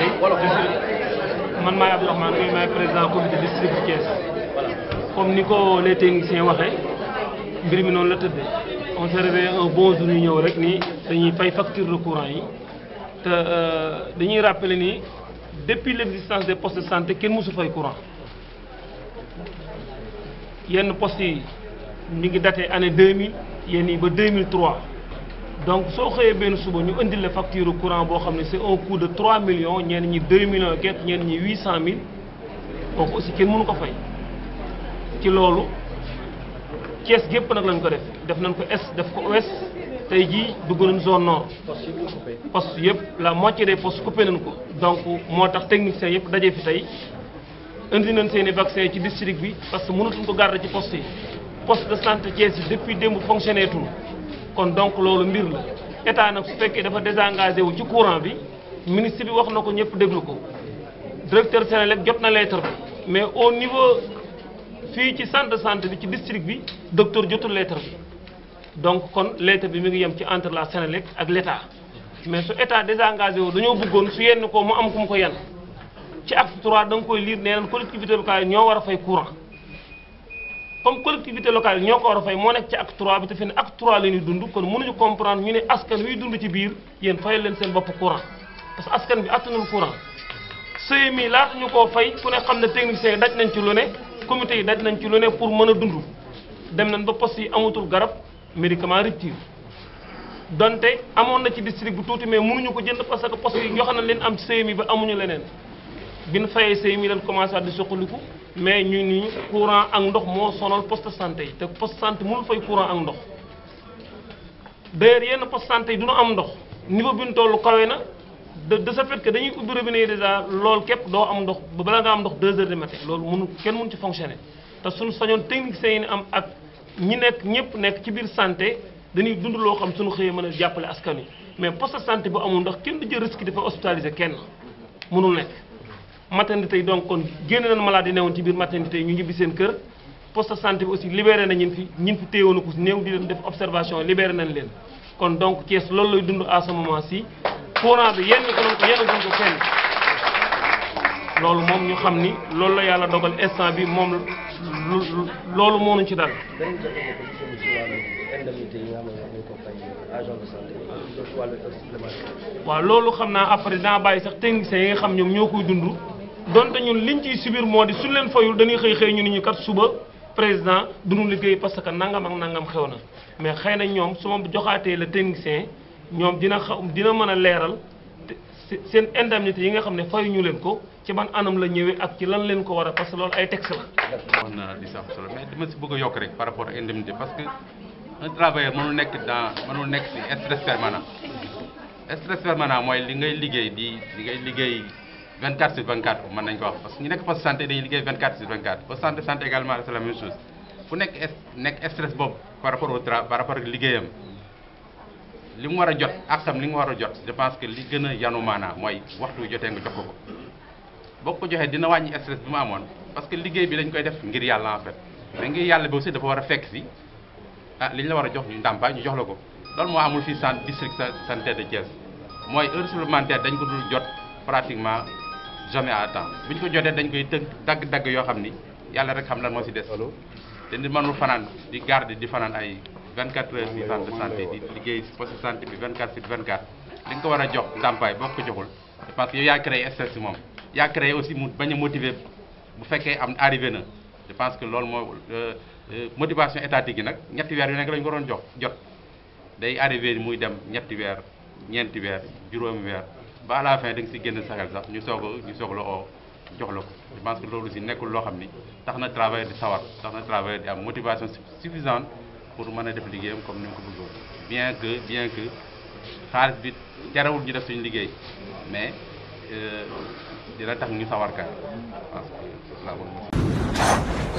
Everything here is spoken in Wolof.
Gueye wala man maay Abdourahmane Gueye maay président comme ni ko les techniciens waxee mbir mi noonu la tëddee on s'est réveillé un bon jour ñëw rek nii dañuy fay facture de courant yi te euh, dañuy rappeler ni depuis l'existence des postes de santé kenn mësu fay courant yenn post yi ñu ngi daté année 2000 yenn yi ba 2003 donc soo xëyee benn suba ñu indil la courant boo xam ne c'est un coût de 3 millions ñenn ñi 2 millions et ñenn ñi 800000 kooku aussi kenn mënu ko fay ci loolu Thiès gépp nag lañ ko def def nañ ko est def ko ouest tey jii dugg nañu zone nord. poste yëpp la moitié des postes coupé nañ ko. donc moo tax techniciens yëpp daje fi tey indi nañ seen i vaccin ci district bi parce que mënatuñ ko garder ci poste yi poste de santé Thiès yi depuis démb fonctionné tul kon donc loolu mbir la état nag su fekkee dafa désengagé wu ci courant bi ministre bi wax na ko ñëpp déglu ko directeur Senelec jot na lettre bi mais au niveau fii ci sante de santé bi ci district bi docteur jotul lettre bi donc kon lettre bi mu ngi yem ci entre la Senelec ak l'état mais su état désengagé wu dañoo bëggoon su yenn ko mu am ku mu ko yenn ci acte trois da nga koy lire nee naan collectivité locale ñoo war a fay courant comme collectivité locale ñoo ko war a fay moo nekk ci acte 3 bi te fi ne acte 3 la ñuy dund kon mënuñu comprendre ñu ne askan wiy dund ci biir yéen fayal leen seen bopp courant parce que askan bi attanul courant sëy mi laata ñu koo fay ku ne xam ne techniciens yi daj nañ ci lu ne comité yi daj nañ ci lu ne pour mën a dund dem nañ ba poste yi amatul garab médicament rupture donte amoon na ci district bu tuuti mais mënuñu ko jënd parce que poste yi xam ne leen am ci sëy mi bi ñu fayee say mi leen commencé at di suqaliku mais ñu ni courant ak ndox moo sonal post santé yi te poste santé mënul fay courant ak ndox d'ailleurs yenn poste santé yi du nu am ndox ni bi ñu toll kawe na de de ce fait que dañuy ubbi robinet yi loolu képp doo am ndox ba bala nga am ndox 2 heures du matin loolu munu kenn mënu ci fonctionner te suñu sañoon techniciens yi ni am ak ñi nekk ñëpp nekk ci biir santé dañuy dund loo xam suñu xëyee mën a jàppale askan wi mais poste santé bu amul ndox kenn du jël risque dafa kenn mënul nekk. maternité yi donc kon génne nañu malade yi newoon ci biir maternité ñu ñibbi seen kër poste santé bi aussi libéré na ñin fi ñin fi téyewoon ko si néew di leen def observation libéré nañ leen kon donc Thiès loolu lay dund à ce moment ci courant bi yenn ko ko yenn duñ loolu moom ñu xam ni loolu la yàlla dogal instant bi moom loolu moonuñ ci daal waaw loolu xam naa après dinaa bàyyi sax techniciens yi nga xam ñoom ñoo koy dund donte ñun liñ ciy subir moo di suñ leen fayul dañuy xëy xëy ñu ni ñu kat suba président duñu liggéey parce que nangam ak nangam xew na mais xëy na ñoom su ma joxaatee le technicien ñoom dina xaw dina mën a leeral seen indemnité yi nga xam ne ñu leen ko ci man anam la ñëwee ak ci lan leen ko war a parce que loolu ay texte la. wax na li solo mais si bëgg a yokk rek par rapport ak indemnité parce que un travailleur mënul nekk dans mënul nekk si stress permanent stress permanent mooy li ngay liggéey di li ngay liggéey. 24 sur 24 ko wax parce ñu nekk poste santé dañuy liggéey 24 santé santé également c'est la fu nekk nekk boobu par rapport au tra li mu war a jot ak sam li mu war a jot je pense que li gën a yanu maanaa mooy waxtu jotee nga jox ko ko boo ko joxee dina wàññi stress bi mu amoon parce que liggéey bi dañ koy def ngir yàlla en fait mais ngir yàlla bi aussi dafa war a fekk si ah li ñu la war a jox ñu ndàmpaay ñu jox la ko loolu moo amul fii centre district santé de Thiès mooy heure supplémentaire dañ ko dul jot jamais à temps bu ñu ko jotee dañ koy tënk dagg-dagg yoo xam ni yàlla rek xam lan moo si des te nit mënul fanaan di garde di fanaan ay 24 heures ci centre de santé di liggéey si poste de santé bi 24 sur 24 li nga ko war a jox ndàmpaay boo ko joxul je pense que yow yaa créé stress si moom yaa créé aussi mu bañ a motiver bu fekkee am arrivé na je pense que loolu moo euh, euh, motivation étatique yi nag ñetti weer yu nekk lañu ko doon jox jot day arrivé muy dem ñetti weer ñeenti weer juróomi weer ba à la fin da nga si génn saxel sax ñu soog ñu soog la oo jox la ko je pense que loolu si nekkul loo xam ni tax na travailleur di sawar tax na travailleur di am motivation suffisante pour mën a def liggéeyam comme ni mu ko bëggoon bien que bien que xaalis bi terewul ñu def suñu liggéey mais euh, dina tax ñu sawarkaay parce que